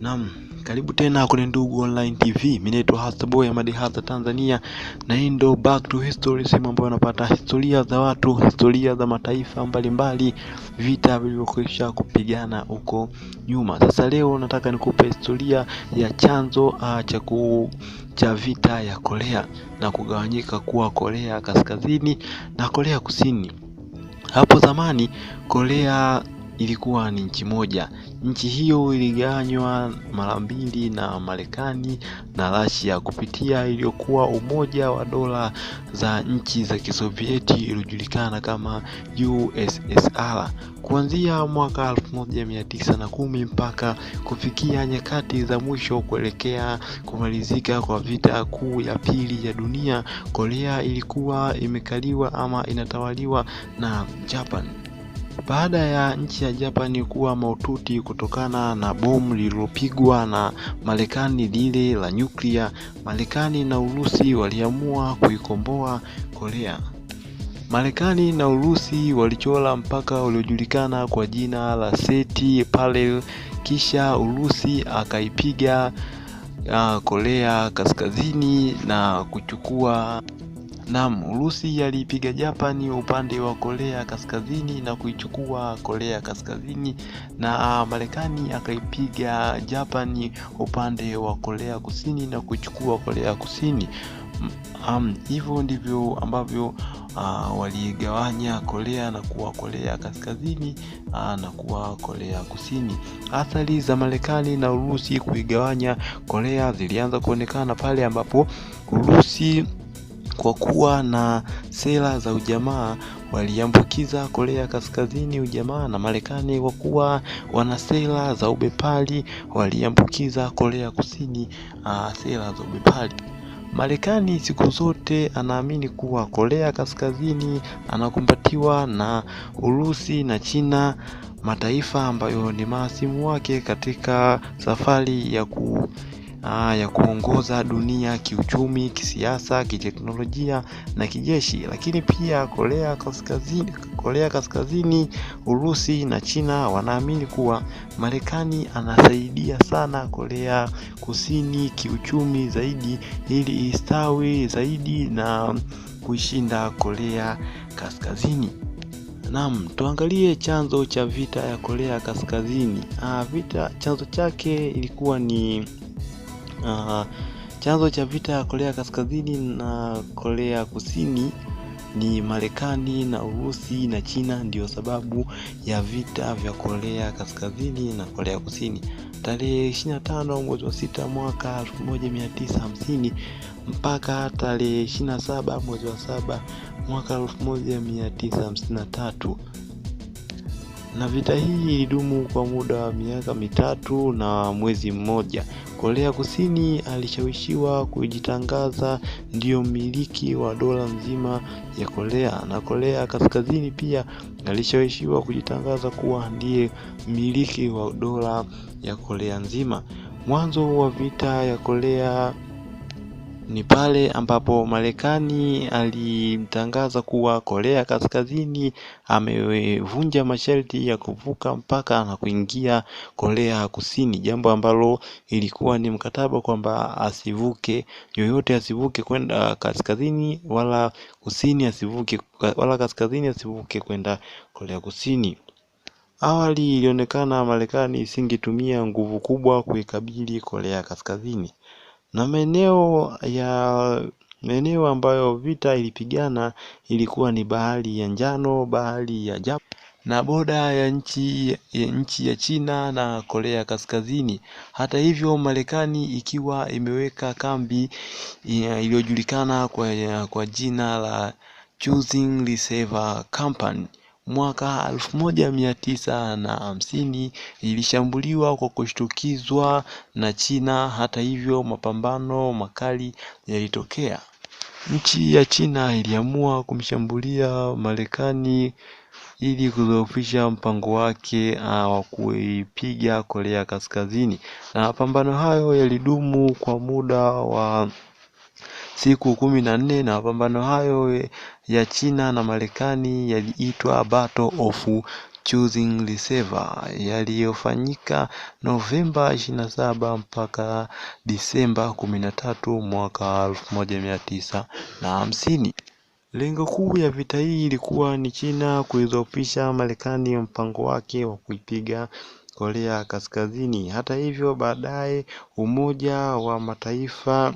Naam, karibu tena kwenye Ndugu Online TV. Mimi naitwa Hasta Boy Amadi Tanzania, na hii ndo back to history, sehemu ambayo unapata historia za watu, historia za mataifa mbalimbali, vita vilivyokwisha kupigana huko nyuma. Sasa leo nataka nikupe historia ya chanzo uh, cha ku cha vita ya Korea na kugawanyika kuwa Korea Kaskazini na Korea Kusini. Hapo zamani Korea ilikuwa ni nchi moja. Nchi hiyo iligawanywa mara mbili na Marekani na Russia kupitia iliyokuwa Umoja wa Dola za nchi za Kisovieti iliyojulikana kama USSR. Kuanzia mwaka 1910 mpaka kufikia nyakati za mwisho kuelekea kumalizika kwa vita kuu ya pili ya dunia, Korea ilikuwa imekaliwa ama inatawaliwa na Japan baada ya nchi ya Japani kuwa maututi kutokana na bomu lililopigwa na Marekani lile la nyuklia, Marekani na Urusi waliamua kuikomboa Korea. Marekani na Urusi walichora mpaka uliojulikana kwa jina la Seti Parel, kisha Urusi akaipiga uh, Korea Kaskazini na kuchukua Naam, Urusi yaliipiga Japani upande wa Korea Kaskazini na kuichukua Korea Kaskazini na ah, Marekani akaipiga Japani upande wa Korea Kusini na kuichukua Korea Kusini. Um, hivyo ndivyo ambavyo uh, ah, waligawanya Korea na kuwa Korea Kaskazini uh, na kuwa Korea Kusini. Athari za Marekani na Urusi kuigawanya Korea zilianza kuonekana pale ambapo Urusi kwa kuwa na sera za ujamaa, waliambukiza Korea Kaskazini ujamaa, na Marekani kwa kuwa wana sera za ubepari, waliambukiza Korea Kusini uh, sera za ubepari. Marekani siku zote anaamini kuwa Korea Kaskazini anakumbatiwa na Urusi na China, mataifa ambayo ni mahasimu wake katika safari ya ku aa, ya kuongoza dunia kiuchumi, kisiasa, kiteknolojia na kijeshi, lakini pia Korea Kaskazini, Korea Kaskazini, Urusi na China wanaamini kuwa Marekani anasaidia sana Korea Kusini kiuchumi zaidi ili istawi zaidi na kuishinda Korea Kaskazini. Naam, tuangalie chanzo cha vita ya Korea Kaskazini. Aa, ah, vita chanzo chake ilikuwa ni Uh, chanzo cha vita ya Korea Kaskazini na Korea Kusini ni Marekani na Urusi na China ndiyo sababu ya vita vya Korea Kaskazini na Korea Kusini. Tarehe 25 mwezi wa sita mwaka 1950 mpaka tarehe 27 mwezi wa saba mwaka 1953 na vita hii ilidumu kwa muda wa miaka mitatu na mwezi mmoja. Korea Kusini alishawishiwa kujitangaza ndiyo mmiliki wa dola nzima ya Korea na Korea Kaskazini pia alishawishiwa kujitangaza kuwa ndiye mmiliki wa dola ya Korea nzima. Mwanzo wa vita ya Korea ni pale ambapo Marekani alitangaza kuwa Korea Kaskazini amevunja masharti ya kuvuka mpaka na kuingia Korea Kusini, jambo ambalo ilikuwa ni mkataba kwamba asivuke yoyote, asivuke kwenda kaskazini wala kusini, asivuke wala kaskazini asivuke kwenda Korea Kusini. Awali ilionekana Marekani isingetumia nguvu kubwa kuikabili Korea Kaskazini na maeneo ya maeneo ambayo vita ilipigana ilikuwa ni bahari ya Njano, bahari ya Japan na boda ya nchi ya nchi ya China na Korea Kaskazini. Hata hivyo, Marekani ikiwa imeweka kambi iliyojulikana kwa, kwa jina la Choosing Reserve Company mwaka na hamsini ilishambuliwa kwa kushtukizwa na China. Hata hivyo, mapambano makali yalitokea. Nchi ya China iliamua kumshambulia Marekani ili kudhoofisha mpango wake ah, wa kuipiga Korea Kaskazini, na mapambano hayo yalidumu kwa muda wa siku kumi na nne na mapambano hayo ya China na Marekani yaliitwa Battle of Choosing Reservoir yaliyofanyika Novemba 27 mpaka Disemba 13 mwaka 1950. Lengo kuu ya vita hii ilikuwa ni China kuidhoofisha Marekani mpango wake wa kuipiga Korea Kaskazini. Hata hivyo, baadaye Umoja wa Mataifa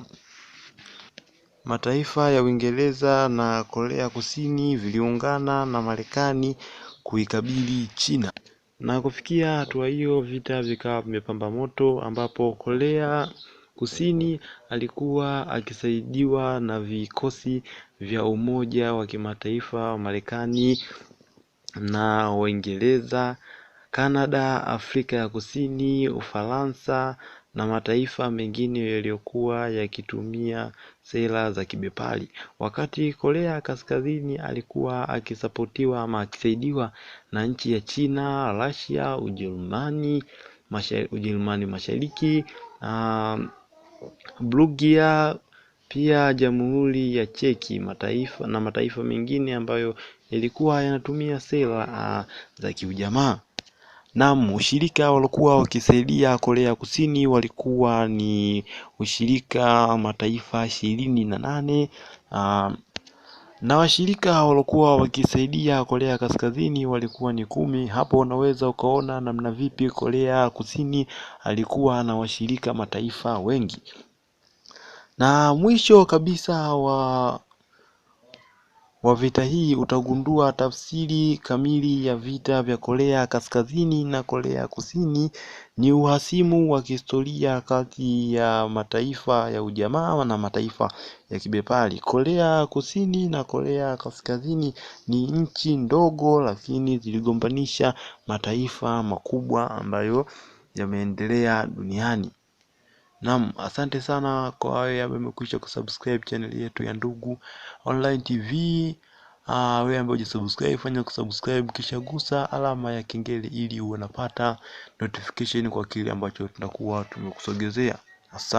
Mataifa ya Uingereza na Korea Kusini viliungana na Marekani kuikabili China na kufikia hatua hiyo vita vikawa vimepamba moto, ambapo Korea Kusini alikuwa akisaidiwa na vikosi vya Umoja wa Kimataifa wa Marekani na waingereza Kanada, Afrika ya Kusini, Ufaransa na mataifa mengine yaliyokuwa yakitumia sera za kibepari wakati Korea Kaskazini alikuwa akisapotiwa ama akisaidiwa na nchi ya China, Russia, Ujerumani, mashari, Ujerumani Mashariki uh, Bulgaria pia Jamhuri ya Cheki mataifa na mataifa mengine ambayo yalikuwa yanatumia sera uh, za kiujamaa. Naam, ushirika walikuwa wakisaidia Korea Kusini walikuwa ni ushirika mataifa ishirini na nane uh, na washirika waliokuwa wakisaidia Korea Kaskazini walikuwa ni kumi. Hapo unaweza ukaona namna vipi Korea Kusini alikuwa na washirika mataifa wengi. Na mwisho kabisa wa wa vita hii utagundua tafsiri kamili ya vita vya Korea Kaskazini na Korea Kusini ni uhasimu wa kihistoria kati ya mataifa ya ujamaa na mataifa ya kibepari. Korea Kusini na Korea Kaskazini ni nchi ndogo lakini ziligombanisha mataifa makubwa ambayo yameendelea duniani. Naam, asante sana kwa wewe ambaye umekwisha kusubscribe channel yetu ya Ndugu Online TV. Uh, ah, wewe ambaye hujasubscribe fanya kusubscribe kisha gusa alama ya kengele ili uwe unapata notification kwa kile ambacho tunakuwa tumekusogezea. Asante.